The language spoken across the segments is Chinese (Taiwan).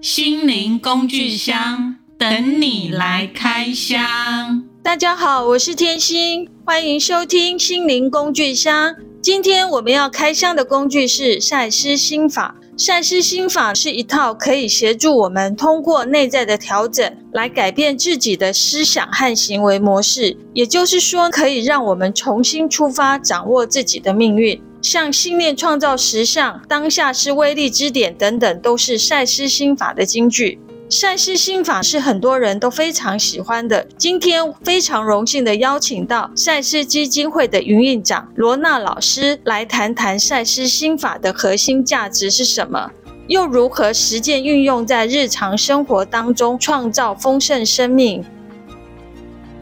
心靈工具箱，等你來開箱。大家好，我是天心，歡迎收聽心靈工具箱。今天我們要開箱的工具是賽斯心法。賽斯心法是一套可以協助我們通過內在的調整來改變自己的思想和行為模式，也就是說，可以讓我們重新出發，掌握自己的命運。像信念創造實相，當下是威力之點等等，都是賽斯心法的金句。賽斯心法是很多人都非常喜歡的。今天非常榮幸地邀請到賽斯基金會的營運長羅那老師來談談賽斯心法的核心價值是什麼，又如何實踐運用在日常生活當中，創造豐盛生命。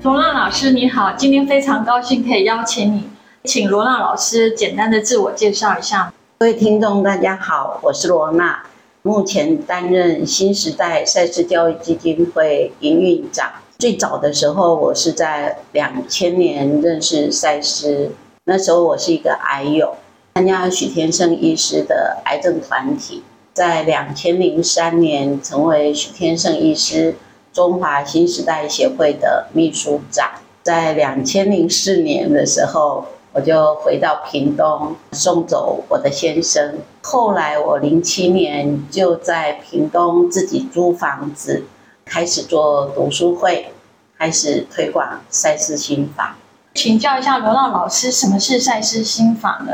羅那老師你好，今天非常高興可以邀請你。請羅那老師簡單的自我介紹一下。各位聽眾，大家好，我是羅那，目前擔任新時代賽斯教育基金會營運長。最早的時候，我是在兩千年認識賽斯。那時候我是一個癌友，參加許天勝醫師的癌症團體。在兩千零三年，成為許天勝醫師中華新時代協會的秘書長。在兩千零四年的時候，我就回到屏東，送走我的先生。後來我零七年就在屏東自己租房子，開始做讀書會，開始推廣賽斯心法。請教一下羅那老師，什麼是賽斯心法呢？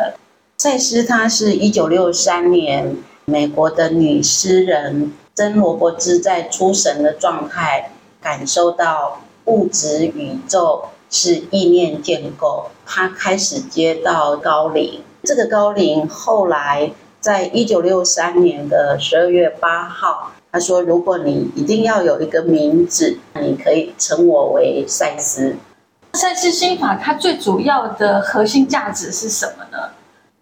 賽斯他是一九六三年美國的女詩人珍羅伯茲在出神的狀態，感受到物質宇宙是意念建構。他開始接到高靈，這個高靈後來在一九六三年的十二月八號，他說：“如果你一定要有一個名字，你可以稱我為賽斯。”賽斯心法它最主要的核心價值是什麼呢？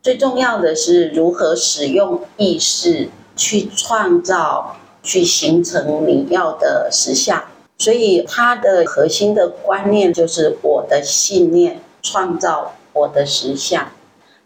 最重要的是如何使用意識去創造、去形成你要的實相。所以它的核心的觀念就是我的信念。創造我的實相，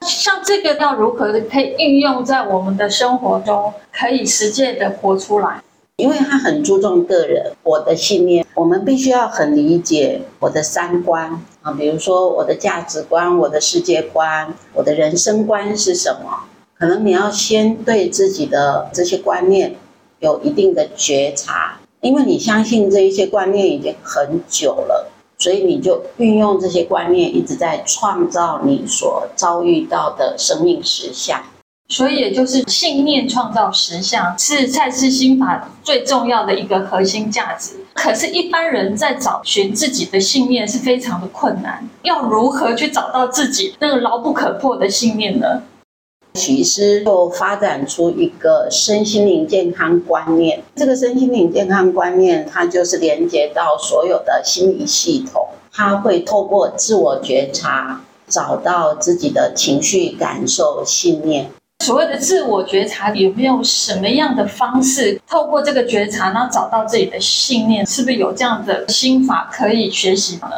像這個要如何可以運用在我們的生活中，可以實踐地活出來？因為他很注重個人我的信念，我們必須要很理解我的三觀啊，比如說我的價值觀、我的世界觀、我的人生觀是什麼？可能你要先對自己的這些觀念有一定的覺察，因為你相信這一些觀念已經很久了。所以你就運用這些觀念，一直在創造你所遭遇到的生命實相。所以，也就是信念創造實相，是賽斯心法最重要的一個核心價值。可是，一般人在找尋自己的信念是非常的困難。要如何去找到自己那個牢不可破的信念呢？其實就發展出一個身心靈健康觀念。這個身心靈健康觀念，它就是連接到所有的心理系統。它會透過自我覺察，找到自己的情緒、感受、信念。所謂的自我覺察，有沒有什麼樣的方式？透過這個覺察，然後找到自己的信念，是不是有這樣的心法可以學習呢？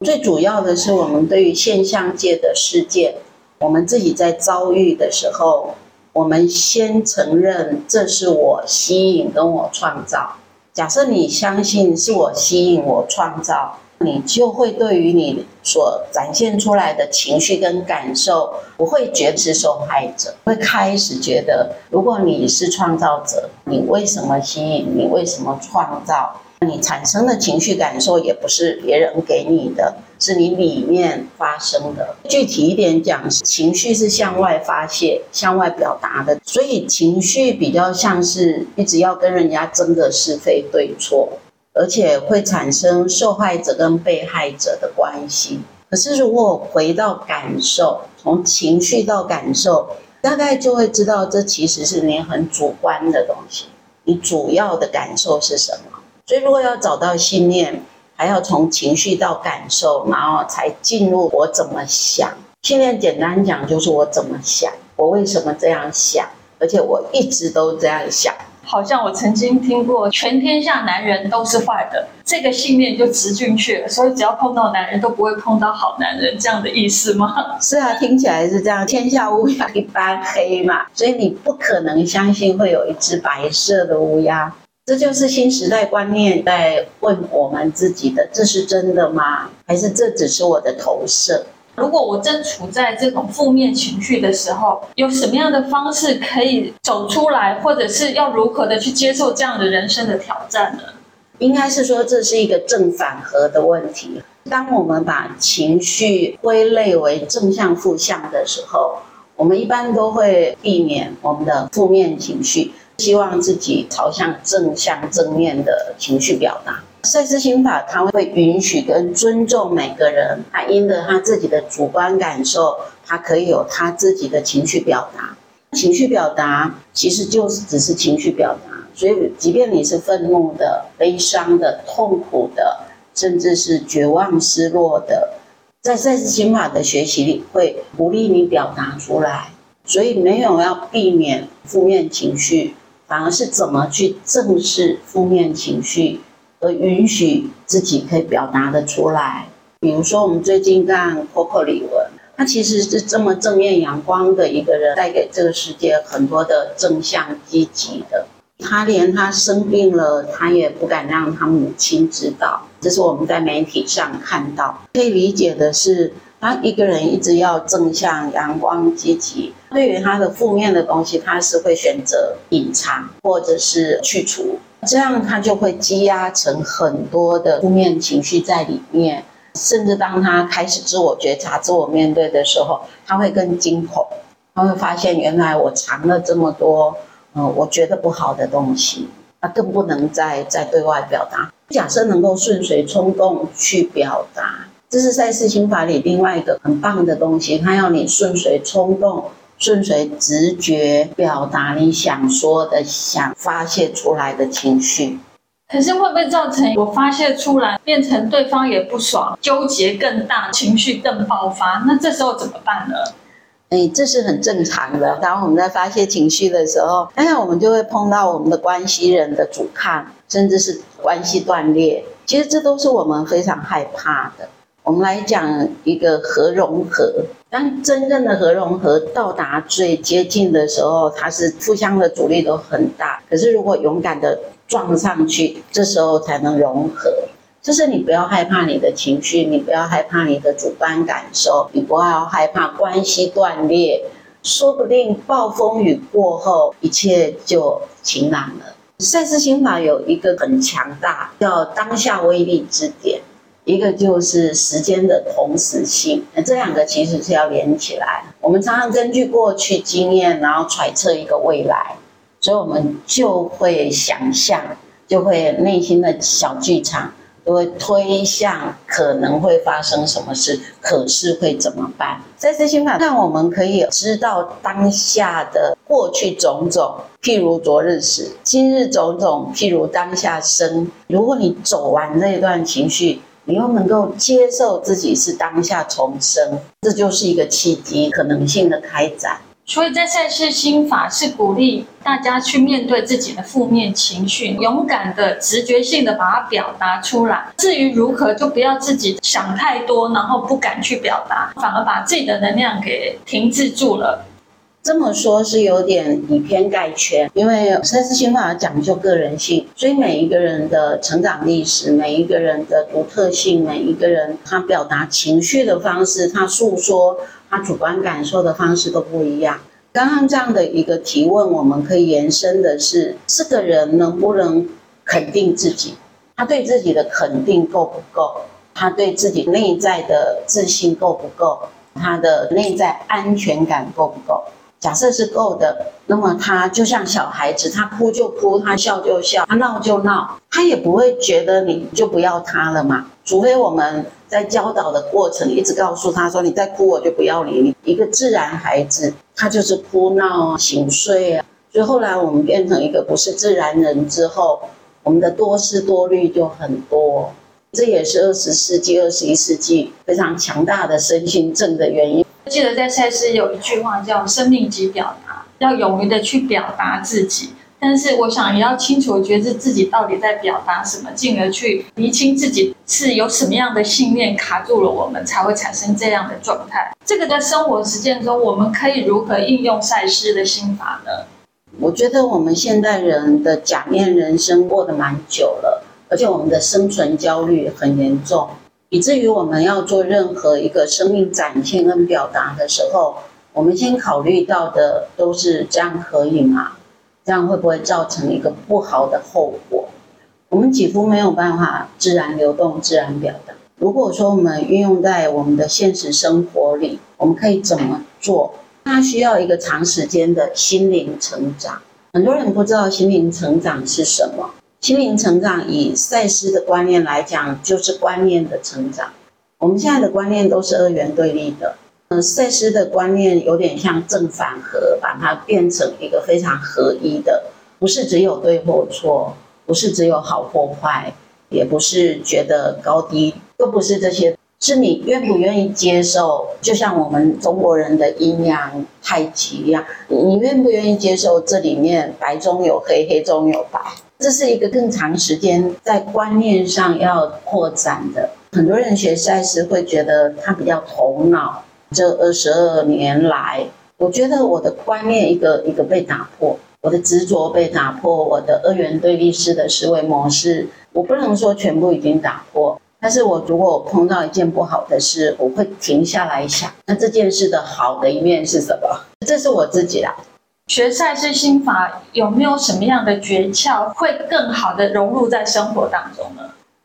嗯。最主要的是，我們對於現象界的世界。我們自己在遭遇的時候，我們先承認這是我吸引跟我創造。假設你相信是我吸引我創造，你就會對於你所展現出來的情緒跟感受，不會覺得是受害者，會開始覺得如果你是創造者，你為什麼吸引？你為什麼創造？你產生的情緒感受也不是別人給你的。是你裡面發生的。具體一點講，情緒是向外發洩、向外表達的，所以情緒比較像是一直要跟人家爭的是非對錯，而且會產生受害者跟被害者的關係。可是如果回到感受，從情緒到感受，大概就會知道這其實是你很主觀的東西。你主要的感受是什麼？所以如果要找到信念。還要從情緒到感受，然後才進入我怎麼想。信念簡單講就是我怎麼想，我為什麼這樣想，而且我一直都這樣想。好像我曾經聽過全天下男人都是壞的，這個信念就植進去了，所以只要碰到男人都不會碰到好男人這樣的意思嗎？是啊，聽起來是這樣，天下烏鴉一般黑嘛，所以你不可能相信會有一隻白色的烏鴉。這就是新時代觀念在問我們自己的：這是真的嗎？還是這只是我的投射？如果我正處在這種負面情緒的時候，有什麼樣的方式可以走出來，或者是要如何的去接受這樣的人生的挑戰呢？應該是說這是一個正反合的問題。當我們把情緒歸類為正向、負向的時候，我們一般都會避免我們的負面情緒。希望自己朝向正向正面的情緒表達。賽斯心法它會允許跟尊重每個人他因着他自己的主觀感受，他可以有他自己的情緒表達。情緒表達其實就是只是情緒表達，所以即便你是憤怒的、悲傷的、痛苦的，甚至是絕望、失落的，在賽斯心法的學習裡會鼓勵你表達出來，所以沒有要避免負面情緒。反而是怎麼去正視負面情緒，而允許自己可以表達得出來。比如說，我們最近看 Coco 李玟，他其實是這麼正面陽光的一個人，帶給這個世界很多的正向積極的。他連他生病了，他也不敢讓他母親知道。這是我們在媒體上看到，可以理解的是，他一個人一直要正向陽光積極。對於他的負面的東西，他是會選擇隱藏或者是去除，這樣他就會積壓成很多的負面情緒在裡面。甚至當他開始自我覺察、自我面對的時候，他會更驚恐，他會發現原來我藏了這麼多，嗯、呃，我覺得不好的東西，他更不能再再對外表達。假設能夠順隨衝動去表達，這是賽斯心法裡另外一個很棒的東西，它要你順隨衝動。順隨直覺表達你想說的、想發洩出來的情緒，可是會不會造成我發洩出來變成對方也不爽，糾結更大，情緒更爆發？那這時候怎麼辦呢？哎、欸，這是很正常的。當我們在發洩情緒的時候，那、哎、我們就會碰到我們的關係人的阻抗，甚至是關係斷裂。其實這都是我們非常害怕的。我們來講一個和融合。當真正的核融合到達最接近的時候，它是互相的阻力都很大。可是如果勇敢的撞上去，這時候才能融合。就是你不要害怕你的情緒，你不要害怕你的主觀感受，你不要害怕關係斷裂。說不定暴風雨過後，一切就晴朗了。賽斯心法有一個很強大，叫當下威力之點，一個就是時間的同時性，那這兩個其實是要連起來。我們常常根據過去經驗，然後揣測一個未來，所以我們就會想象，就會內心的小劇場，就會推向可能會發生什麼事，可是會怎麼辦？在這些方面，讓我們可以知道當下的過去種種，譬如昨日死，今日種種，譬如當下生。如果你走完這一段情緒，你又能夠接受自己是當下重生，這就是一個契機可能性的開展。所以，在賽斯心法是鼓勵大家去面對自己的負面情緒，勇敢的、直覺性的把它表達出來。至於如何，就不要自己想太多，然後不敢去表達，反而把自己的能量給停滯住了。這麼說，是有點以偏概全，因為賽斯心法講究個人性，所以每一個人的成長歷史，每一個人的獨特性，每一個人他表達情緒的方式，他訴說他主觀感受的方式都不一樣。剛剛這樣的一個提問，我們可以延伸的是，這個人能不能肯定自己？他對自己的肯定夠不夠？他對自己內在的自信夠不夠？他的內在安全感夠不夠？假設是夠的，那麼他就像小孩子，他哭就哭，他笑就笑，他鬧就鬧，他也不會覺得你就不要他了嘛。除非我們在教導的過程一直告訴他說，你再哭我就不要理你。一個自然孩子，他就是哭鬧啊、醒睡啊。所以後來我們變成一個不是自然人之後，我們的多思多慮就很多，這也是二十世紀、二十一世紀非常強大的身心症的原因。我記得在賽斯有一句話叫“生命即表達”，要勇於的去表達自己。但是我想也要清楚，覺知自己到底在表達什麼，進而去釐清自己是有什麼樣的信念卡住了我們，才會產生這樣的狀態。這個在生活實踐中，我們可以如何應用賽斯的心法呢？我覺得我們現代人的假面人生過得蠻久了，而且我們的生存焦慮很嚴重。以至於我們要做任何一個生命展現跟表達的時候，我們先考慮到的都是這樣可以嗎？這樣會不會造成一個不好的後果？我們幾乎沒有辦法自然流動、自然表達。如果說我們運用在我們的現實生活裡，我們可以怎麼做？它需要一個長時間的心靈成長。很多人不知道心靈成長是什麼。心靈成長，以賽斯的觀念來講，就是觀念的成長。我們現在的觀念都是二元對立的，嗯，賽斯的觀念有點像正反合，把它變成一個非常合一的，不是只有對或錯，不是只有好或壞，也不是覺得高低，都不是這些。是你願不願意接受？就像我們中國人的陰陽太極一樣，你願不願意接受這裡面白中有黑，黑中有白？這是一個更長時間在觀念上要擴展的。很多人學賽斯會覺得他比較頭腦。這二十二年來，我覺得我的觀念一個一個被打破，我的執着被打破，我的二元對立式的思維模式，我不能說全部已經打破。但是我如果我碰到一件不好的事，我會停下來想，那這件事的好的一面是什麼？這是我自己啦。學賽斯心法有沒有什麼樣的訣竅，會更好的融入在生活當中呢？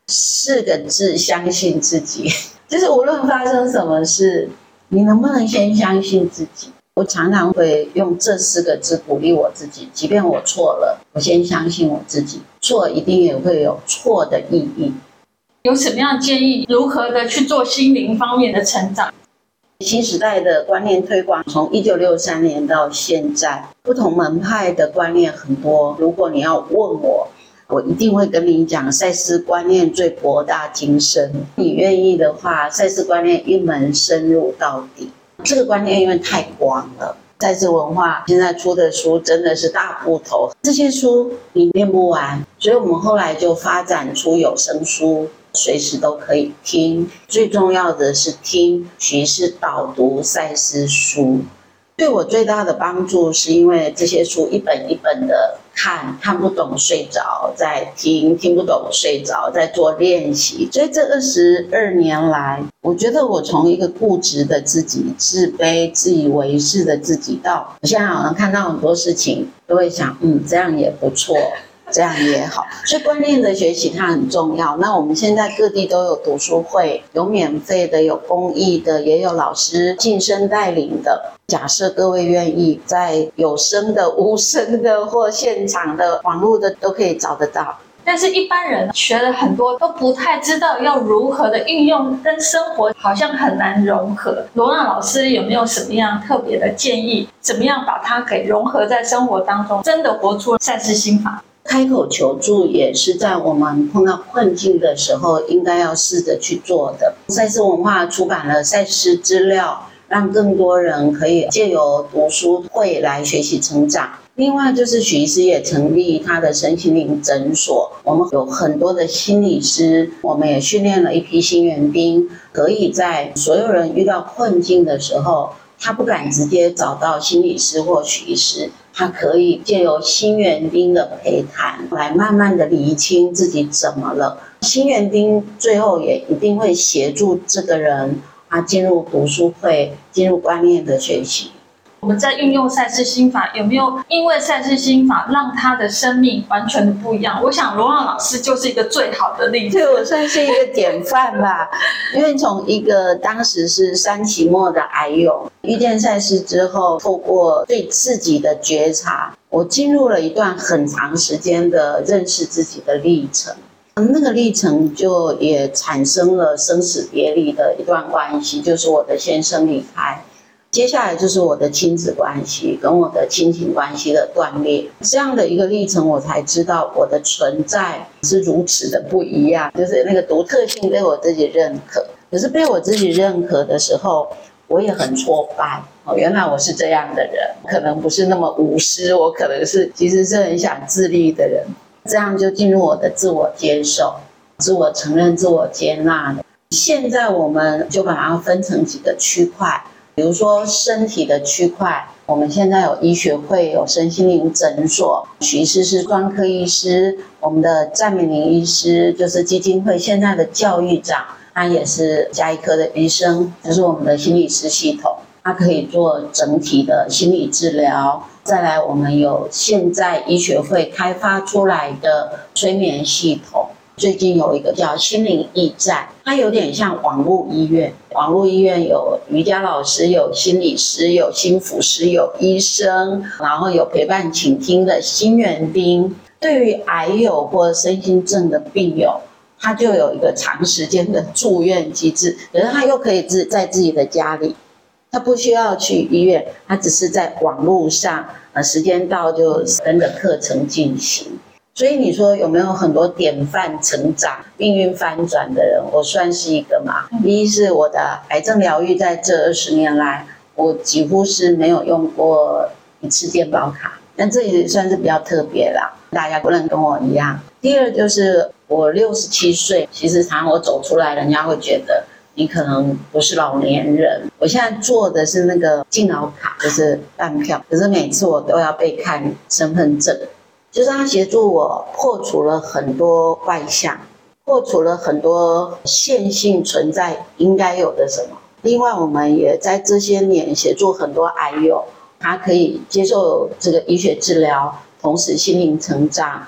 四個字，相信自己。就是無論發生什麼事，你能不能先相信自己？我常常會用這四個字鼓勵我自己，即便我錯了，我先相信我自己，錯一定也會有錯的意義。有什麼樣建議？如何的去做心靈方面的成長？新時代的觀念推廣，從一九六三年到現在，不同門派的觀念很多。如果你要問我，我一定會跟你講賽斯觀念最博大精深。你願意的話，賽斯觀念一門深入到底。這個觀念因為太廣了，賽斯文化現在出的書真的是大部頭，這些書你念不完。所以我們後來就發展出有聲書。隨時都可以聽，最重要的是聽徐氏導讀賽斯書，對我最大的幫助是因為這些書一本一本的看，看不懂睡着，再聽聽不懂睡着，再做練習。所以這二十二年來，我覺得我從一個固執的自己、自卑、自以為是的自己到，我現在好像看到很多事情都會想，嗯，這樣也不錯。這樣也好，所以觀念的學習它很重要。那我們現在各地都有讀書會，有免費的，有公益的，也有老師晉升帶領的。假設各位願意，在有聲的、無聲的或現場的、網絡的都可以找得到。但是，一般人學了很多都不太知道要如何的運用，跟生活好像很難融合。羅那老師有沒有什麼樣特別的建議？怎麼樣把它給融合在生活當中，真的活出賽斯心法？開口求助也是在我們碰到困境的時候，應該要試着去做的。賽斯文化出版了賽斯資料，讓更多人可以借由讀書會來學習成長。另外，就是許醫師也成立他的身心靈診所。我們有很多的心理師，我們也訓練了一批新援兵，可以在所有人遇到困境的時候，他不敢直接找到心理師或許醫師。他可以借由新園丁的陪談來慢慢的理清自己怎麼了，新園丁最後也一定會協助這個人啊進入讀書會，進入觀念的學習。我們在運用賽斯心法，有沒有因為賽斯心法讓他的生命完全的不一樣？我想羅那老師就是一個最好的例子，這我算是一個典範吧。 因為從一個當時是三期末的癌友，遇見賽斯之後，透過對自己的覺察，我進入了一段很長時間的認識自己的歷程。那個歷程就也產生了生死別離的一段關係，就是我的先生離開。接下來就是我的親子關係跟我的親情關係的斷裂，這樣的一個歷程，我才知道我的存在是如此的不一樣，就是那個獨特性被我自己認可。可是被我自己認可的時候，我也很挫敗。哦，原來我是這樣的人，可能不是那麼無私，我可能是其實是很想自立的人。這樣就進入我的自我接受、自我承認、自我接納的。現在我們就把它分成幾個區塊。比如說身體的區塊，我們現在有醫學會，有身心靈診所，徐醫師是專科醫師，我們的讚美林醫師就是基金會現在的教育長，他也是家醫科的醫生，這、就是我們的心理師系統，它可以做整體的心理治療。再來，我們有現在醫學會開發出來的催眠系統。最近有一個叫心靈驛站，它有點像網絡醫院。網絡醫院有瑜伽老師，有心理師，有心輔師，有醫生，然後有陪伴傾聽的心園丁。對於癌友或身心症的病友，他就有一個長時間的住院機制，可是他又可以自在自己的家裡，他不需要去醫院，他只是在網絡上，呃，時間到就跟着課程進行。所以你說有沒有很多典範成長、命運翻轉的人？我算是一個嘛。一是我的癌症療癒，在這二十年來，我幾乎是沒有用過一次健保卡，那這也算是比較特別啦，大家不能跟我一樣。第二就是我六十七歲，其實常常我走出來，人家會覺得你可能不是老年人。我現在做的是那個敬老卡，就是半票，可是每次我都要被看身份證。就是他協助我破除了很多怪象，破除了很多線性存在應該有的什麼。另外，我們也在這些年協助很多癌友，他可以接受這個醫學治療，同時心靈成長，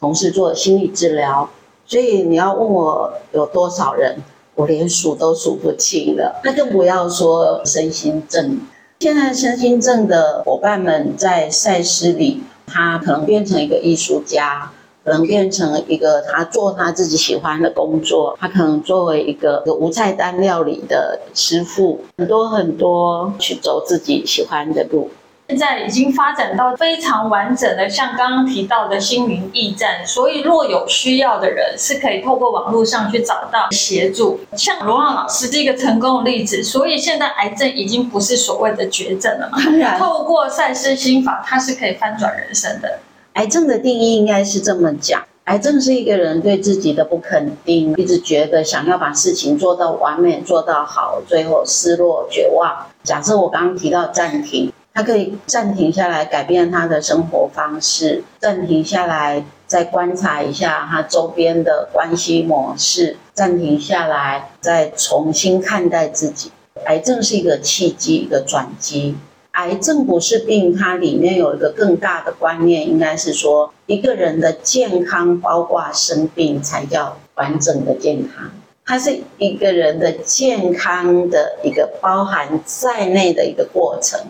同時做心理治療。所以你要問我有多少人，我連數都數不清了，那更不要說身心症。現在身心症的夥伴們在賽斯裡。他可能變成一個藝術家，可能變成一個他做他自己喜歡的工作，他可能作為一個，一個無菜單料理的師傅，很多很多去走自己喜歡的路。現在已經發展到非常完整的，像剛剛提到的星雲驛站，所以若有需要的人是可以透過網絡上去找到協助，像羅旺老師這個成功的例子。所以現在癌症已經不是所謂的絕症了嘛。當然。透過賽斯心法，它是可以翻轉人生的。癌症的定義應該是這麼講：癌症是一個人對自己的不肯定，一直覺得想要把事情做到完美、做到好，最後失落、絕望。假設我剛剛提到暫停。他可以暫停下來，改變他的生活方式；暫停下來，再觀察一下他周邊的關係模式；暫停下來，再重新看待自己。癌症是一個契機，一個轉機。癌症不是病，它裡面有一個更大的觀念，應該是說一個人的健康，包括生病，才叫完整的健康。它是一個人的健康的一個包含在內的一個過程。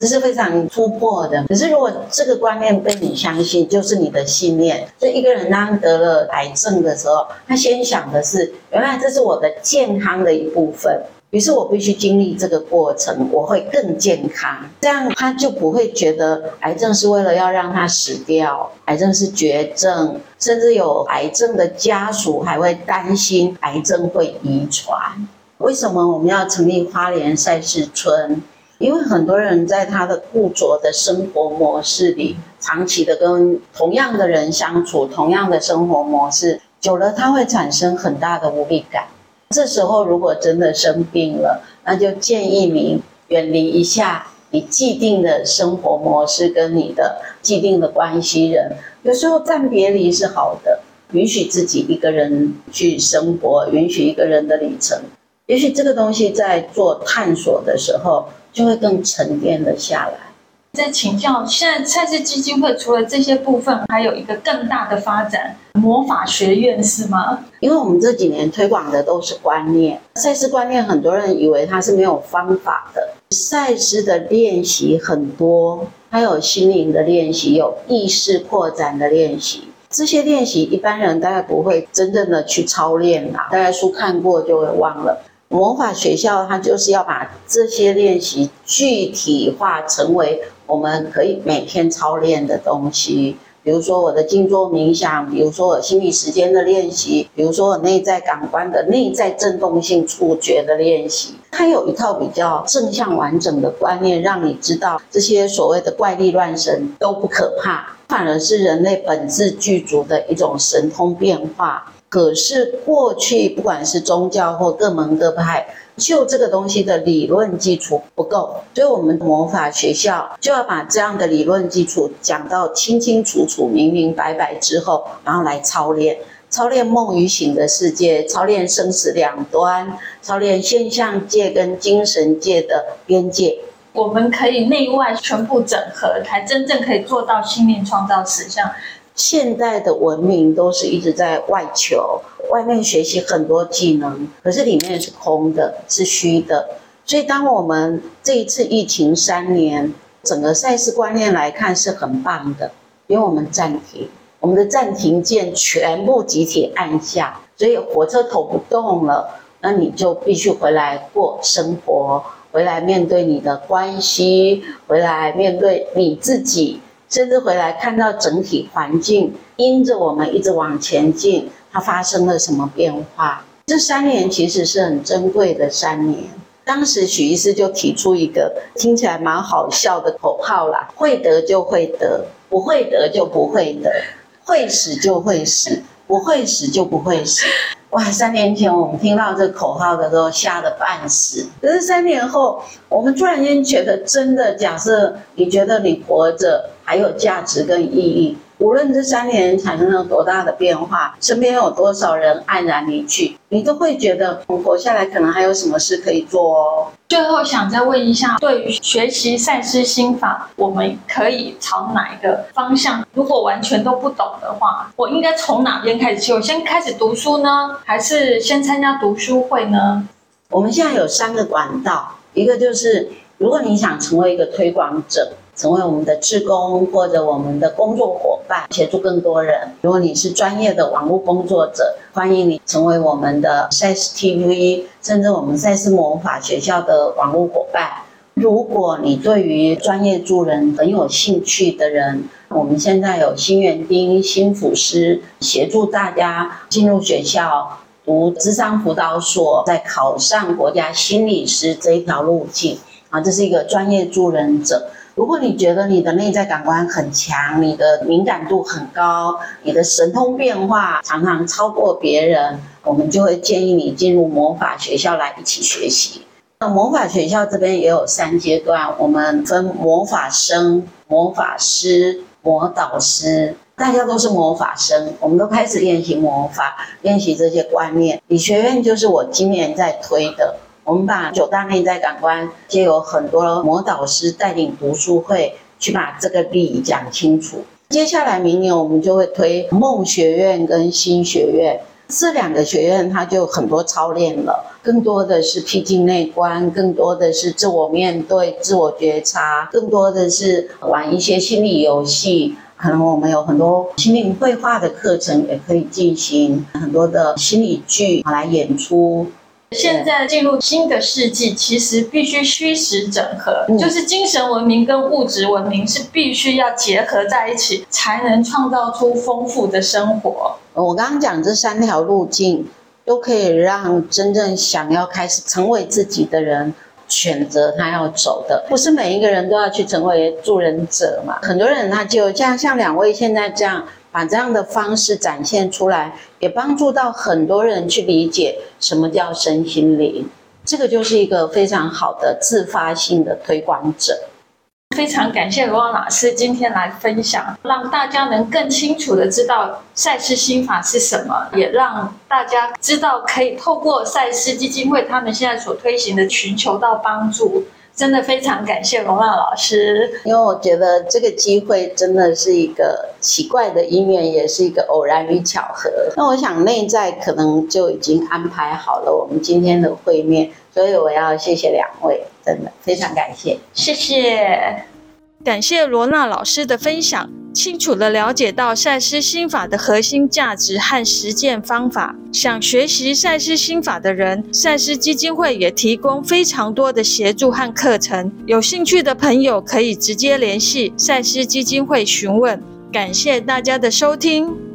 這是非常突破的。可是，如果這個觀念被你相信，就是你的信念。所以，一個人當得了癌症的時候，他先想的是：原來這是我的健康的一部分，於是我必須經歷這個過程，我會更健康。這樣，他就不會覺得癌症是為了要讓他死掉，癌症是絕症。甚至有癌症的家屬還會擔心癌症會遺傳。為什麼我們要成立花蓮賽斯村？因為很多人在他的固着的生活模式裡，長期的跟同樣的人相處，同樣的生活模式久了，他會產生很大的無力感。這時候如果真的生病了，那就建議你遠離一下你既定的生活模式跟你的既定的關係人。有時候暫別離是好的，允許自己一個人去生活，允許一個人的旅程，也許這個東西在做探索的時候。就會更沉澱了下來。再請教，現在賽斯基金會除了這些部分，還有一個更大的發展——魔法學院，是嗎？因為我們這幾年推廣的都是觀念，賽斯觀念，很多人以為它是沒有方法的。賽斯的練習很多，還有心靈的練習，有意識擴展的練習。這些練習一般人大概不會真正的去操練啦，大概書看過就會忘了。魔法學校，它就是要把這些練習具體化，成為我們可以每天操練的東西。比如說我的靜坐冥想，比如說我心理時間的練習，比如說我內在感官的內在振動性觸覺的練習。它有一套比較正向完整的觀念，讓你知道這些所謂的怪力亂神都不可怕，反而是人類本質具足的一種神通變化。可是過去不管是宗教或各門各派，就這個東西的理論基礎不夠，所以我們的魔法學校就要把這樣的理論基礎講到清清楚楚、明明白白之後，然後來操練、操練夢與醒的世界，操練生死兩端，操練現象界跟精神界的邊界，我們可以內外全部整合，才真正可以做到信念創造實相。現代的文明都是一直在外求，外面學習很多技能，可是裡面是空的，是虛的。所以，當我們這一次疫情三年，整個賽斯觀念來看是很棒的，因為我們暫停，我們的暫停鍵全部集體按下，所以火車頭不動了。那你就必須回來過生活，回來面對你的關係，回來面對你自己。甚至回來看到整體環境，因着我們一直往前進，它發生了什麼變化？這三年其實是很珍貴的三年。當時許醫師就提出一個聽起來蠻好笑的口號啦：會得就會得，不會得就不會得；會死就會死，不會死就不會死。哇！三年前我們聽到這口號的時候嚇得半死，可是三年後我們突然間覺得，真的，假設你覺得你活着。還有價值跟意義。無論這三年產生了多大的變化，身邊有多少人黯然離去，你都會覺得，我活下來可能還有什麼事可以做哦。最後想再問一下，對於學習賽斯心法，我們可以朝哪一個方向？如果完全都不懂的話，我應該從哪邊開始？我先開始讀書呢，還是先參加讀書會呢？我們現在有三個管道，一個就是如果你想成為一個推廣者。成為我們的志工或者我們的工作夥伴，協助更多人。如果你是專業的網絡工作者，歡迎你成為我們的賽斯 TV，甚至我們賽斯魔法學校的網絡夥伴。如果你對於專業助人很有興趣的人，我們現在有新園丁、新輔師協助大家進入學校讀諮商輔導所，在考上國家心理師這一條路徑啊，這是一個專業助人者。如果你覺得你的內在感官很強，你的敏感度很高，你的神通變化常常超過別人，我們就會建議你進入魔法學校來一起學習。那魔法學校這邊也有三階段，我們分魔法生、魔法師、魔導師，大家都是魔法生，我們都開始練習魔法，練習這些觀念。理學院就是我今年在推的。我們把九大內在感官，借由很多的魔導師帶領讀書會，去把這個理講清楚。接下來明年我們就會推夢學院跟心學院這兩個學院，它就很多操練了，更多的是僻靜內觀，更多的是自我面對、自我覺察，更多的是玩一些心理遊戲。可能我們有很多心靈繪畫的課程，也可以進行很多的心理劇來演出。現在進入新的世紀，其實必須虛實整合，就是精神文明跟物質文明是必須要結合在一起，才能創造出豐富的生活。我剛剛講這三條路徑，都可以讓真正想要開始成為自己的人選擇他要走的，不是每一個人都要去成為助人者嘛？很多人他就這樣像兩位現在這樣。把這樣的方式展現出來，也幫助到很多人去理解什麼叫身心靈，這個就是一個非常好的自發性的推廣者。非常感謝羅那老師今天來分享，讓大家能更清楚的知道賽斯心法是什麼，也讓大家知道可以透過賽斯基金會他們現在所推行的尋求到幫助。真的非常感謝羅娜老師，因為我覺得這個機會真的是一個奇怪的因緣，也是一個偶然與巧合。那我想內在可能就已經安排好了我們今天的會面，所以我要謝謝兩位，真的非常感謝，謝謝，感謝羅娜老師的分享。清楚地了解到賽斯心法的核心價值和實踐方法。想學習賽斯心法的人，賽斯基金會也提供非常多的協助和課程。有興趣的朋友可以直接聯繫賽斯基金會詢問。感謝大家的收聽。